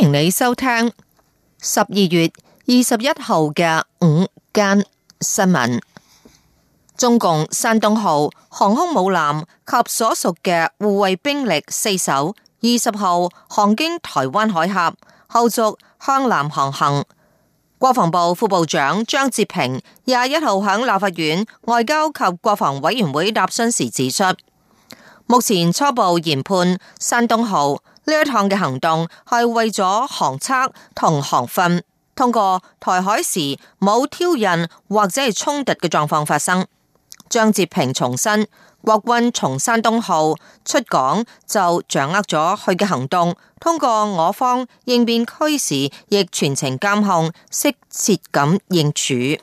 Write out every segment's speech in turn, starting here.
歡迎你收聽十二月二十一號嘅午間新聞。中共山東號航空母艦及所屬嘅護衛兵力四艘，二十號航經台灣海峽，後續向南航行。國防部副部長張哲平廿一號喺立法院外交及國防委員會答詢時指出，目前初步研判山東號。呢一趟嘅行動係為咗航測同航訓，通過台海時冇挑釁或者係衝突嘅狀況發生。張哲平重申，國軍從山東號出港就掌握咗佢嘅行動，通過我方應變區時亦全程監控，適切咁應處。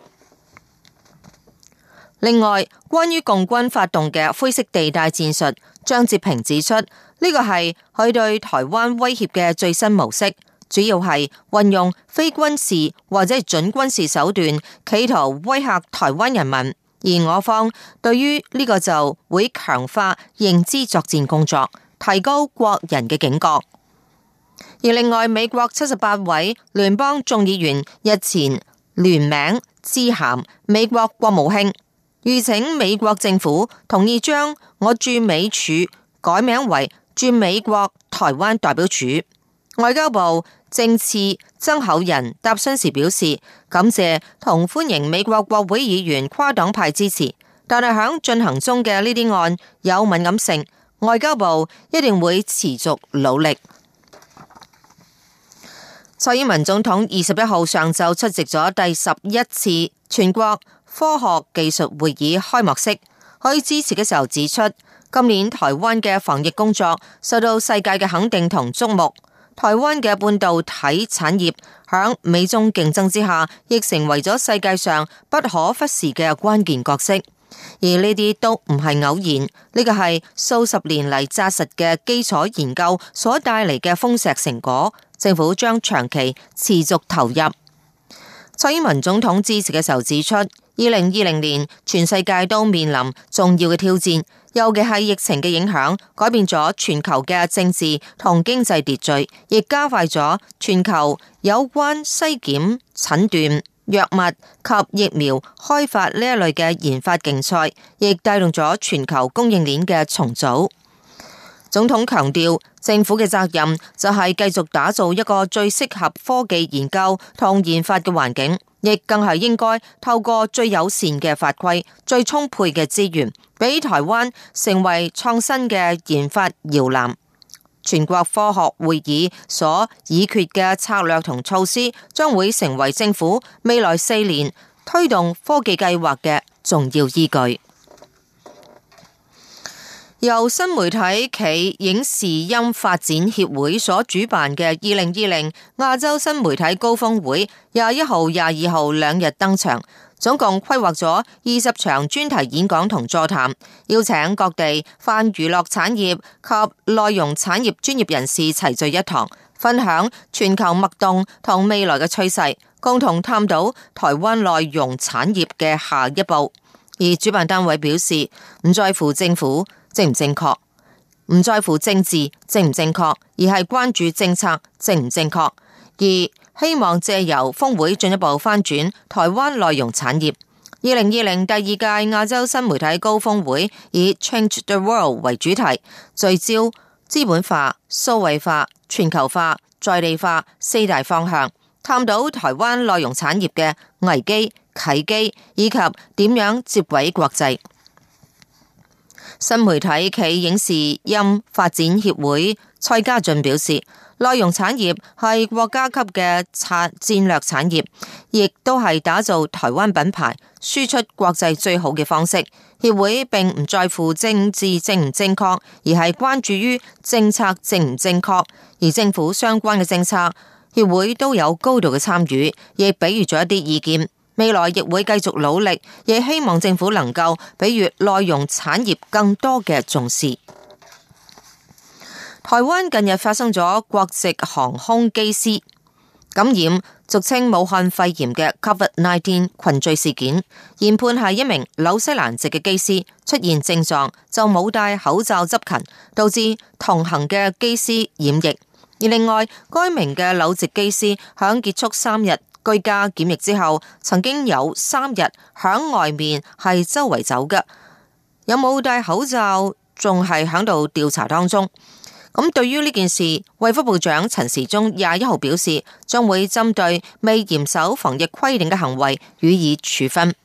另外，關於共軍發動嘅灰色地帶戰術，張哲平指出，呢個係佢對台灣威脅嘅最新模式，主要係運用非軍事或者係準軍事手段企圖威嚇台灣人民，而我方對於呢個就會強化認知作戰工作，提高國人嘅警覺。而另外，美國七十八位聯邦眾議員日前聯名致函美國國務卿，籲請美國政府同意將我駐美處改名為。駐美國台灣代表處外交部政次曾厚仁答詢時表示，感謝同歡迎美國國會議員跨黨派支持，但係響進行中嘅呢啲案有敏感性，外交部一定會持續努力。蔡英文總統二十一號上晝出席咗第十一次全國科學技術會議開幕式，佢致辭嘅時候指出。今年台灣嘅防疫工作受到世界嘅肯定同矚目。台灣嘅半導體產業響美中競爭之下，亦成為咗世界上不可忽視嘅關鍵角色。而呢啲都唔係偶然，呢個係數十年嚟扎實嘅基礎研究所帶嚟嘅豐碩成果。政府將長期持續投入。蔡英文總統致辭嘅時候指出，二零二零年全世界都面臨重要嘅挑戰。尤其係疫情嘅影響，改變咗全球嘅政治同經濟秩序，亦加快咗全球有關西檢診斷藥物及疫苗開發呢一類嘅研發競賽，亦帶動咗全球供應鏈嘅重組。總統強調，政府嘅責任就係繼續打造一個最適合科技研究同研發嘅環境。亦更係應該透過最友善嘅法規、最充沛嘅資源，俾台灣成為創新嘅研發搖籃。全國科學會議所議決嘅策略同措施，將會成為政府未來四年推動科技計劃嘅重要依據。由新媒體企影視音發展協會所主辦嘅二零二零亞洲新媒體高峰會廿一號、廿二號兩日登場，總共規劃咗二十場專題演講同座談，邀請各地泛娛樂產業及內容產業專業人士齊聚一堂，分享全球脈動同未來嘅趨勢，共同探討台灣內容產業嘅下一步。而主辦單位表示唔在乎政府正唔正確？唔在乎政治正唔正確，而係關注政策正唔正確。二希望借由峰會進一步翻轉台灣內容產業。二零二零第二屆亞洲新媒體高峰會以 Change the World 為主題，聚焦資本化、數位化、全球化、在地化四大方向，探討台灣內容產業嘅危機、契機以及點樣接軌國際。新媒體企影視音發展協會蔡家俊表示，內容產業係國家級嘅策戰略產業，亦都係打造台灣品牌、輸出國際最好嘅方式。協會並唔在乎政治正唔正確，而係關注於政策正唔正確，而政府相關嘅政策，協會都有高度嘅參與，亦俾予咗一啲意見。未來亦會繼續努力，亦希望政府能夠俾越內容產業更多嘅重視。台灣近日發生咗國籍航空機師感染，俗稱武漢肺炎嘅 COVID-19 群聚事件，研判係一名紐西蘭籍嘅機師出現症狀就冇戴口罩執勤，導致同行嘅機師染疫。而另外該名嘅紐籍機師響結束三日。居家檢疫之後，曾經有三日響外面係周圍走嘅，有冇戴口罩仲係響度調查當中。咁對於呢件事，衛福部長陳時中廿一號表示，將會針對未嚴守防疫規定嘅行為予以處分。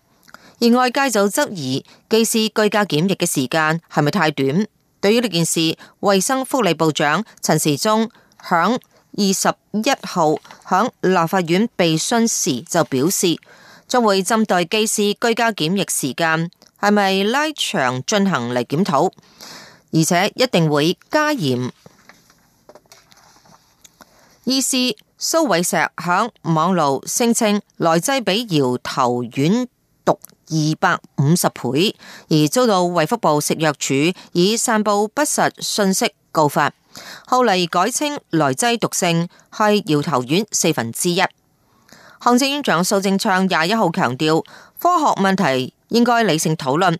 而外界就質疑，既係居家檢疫嘅時間係咪太短？對於呢件事，衛生福利部長陳時中響。二十一號響立法院被詢時就表示，將會針對機師居家檢疫時間係咪拉長進行嚟檢討，而且一定會加嚴。醫師蘇偉石響網路聲稱，來劑比搖頭丸毒二百五十倍，而遭到衛福部食藥署以散布不實信息告發。後嚟改稱萊劑毒性係搖頭丸四分之一。行政院長蘇貞昌廿一號強調，科學問題應該理性討論。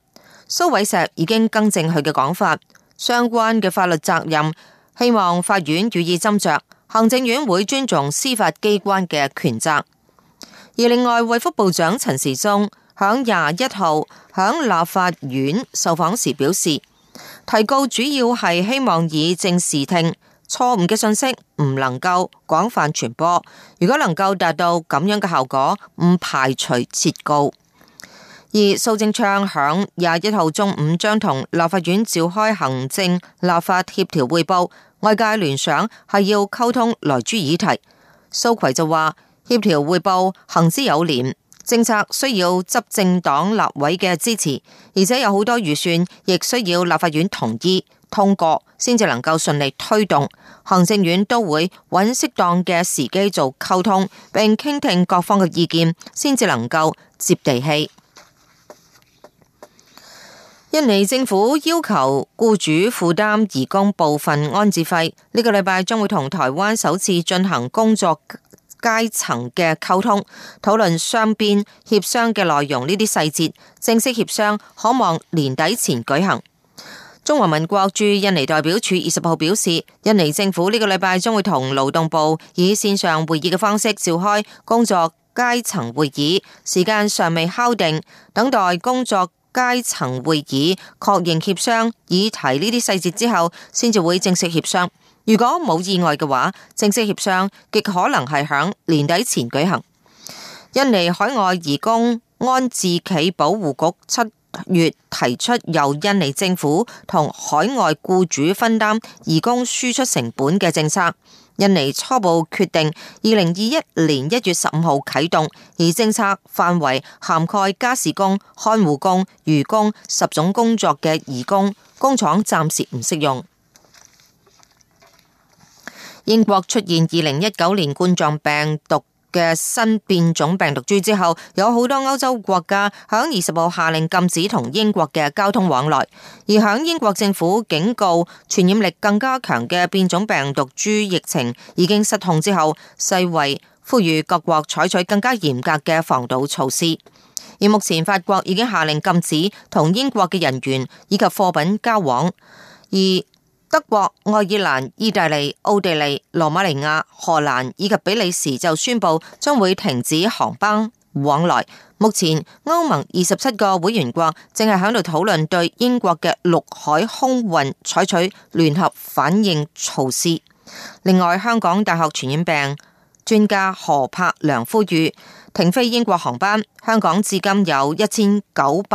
蘇偉石已經更正佢嘅講法，相關嘅法律責任，希望法院予以斟酌。行政院會尊重司法機關嘅權責。而另外，衛福部長陳時中響廿一號響立法院受訪時表示。提告主要係希望以正視聽，錯誤嘅信息唔能夠廣泛傳播。如果能夠達到咁樣嘅效果，唔排除撤告。而蘇貞昌響廿一號中午將同立法院召開行政立法協調會報，外界聯想係要溝通萊豬議題。蘇揆就話協調會報行之有年。政策需要執政黨立委嘅支持，而且有好多預算，亦需要立法院同意通過先至能夠順利推動。行政院都會揾適當嘅時機做溝通，並傾聽各方嘅意見先至能夠接地氣。印尼政府要求僱主負擔移工部分安置費呢、這個禮拜將會同台灣首次進行工作階層嘅溝通、討論雙邊協商嘅內容呢啲細節，正式協商可望年底前舉行。中華民國駐印尼代表處二十號表示，印尼政府呢個禮拜將會同勞動部以線上會議嘅方式召開工作階層會議，時間尚未敲定，等待工作階層會議確認協商議題呢啲細節之後，先至會正式協商。如果冇意外嘅話，正式協商極可能係響年底前舉行。印尼海外移工安置暨保護局七月提出由印尼政府同海外僱主分擔移工輸出成本嘅政策，印尼初步決定二零二一年一月十五號啟動，而政策範圍涵蓋家事工、看護工、漁工十種工作嘅移工，工廠暫時唔適用。英國出現二零一九年冠狀病毒嘅新變種病毒株之後，有好多歐洲國家響二十號下令禁止同英國嘅交通往來。而響英國政府警告傳染力更加強嘅變種病毒株疫情已經失控之後，世衛呼籲各國採取更加嚴格嘅防堵措施。而目前法國已經下令禁止同英國嘅人員以及貨品交往，而德國、愛爾蘭、意大利、奧地利、羅馬尼亞、荷蘭以及比利時就宣布將會停止航班往來。目前歐盟二十七個會員國正係響度討論對英國嘅陸海空運採取聯合反應措施。另外，香港大學傳染病專家何柏良呼籲停飛英國航班。香港至今有一千九百。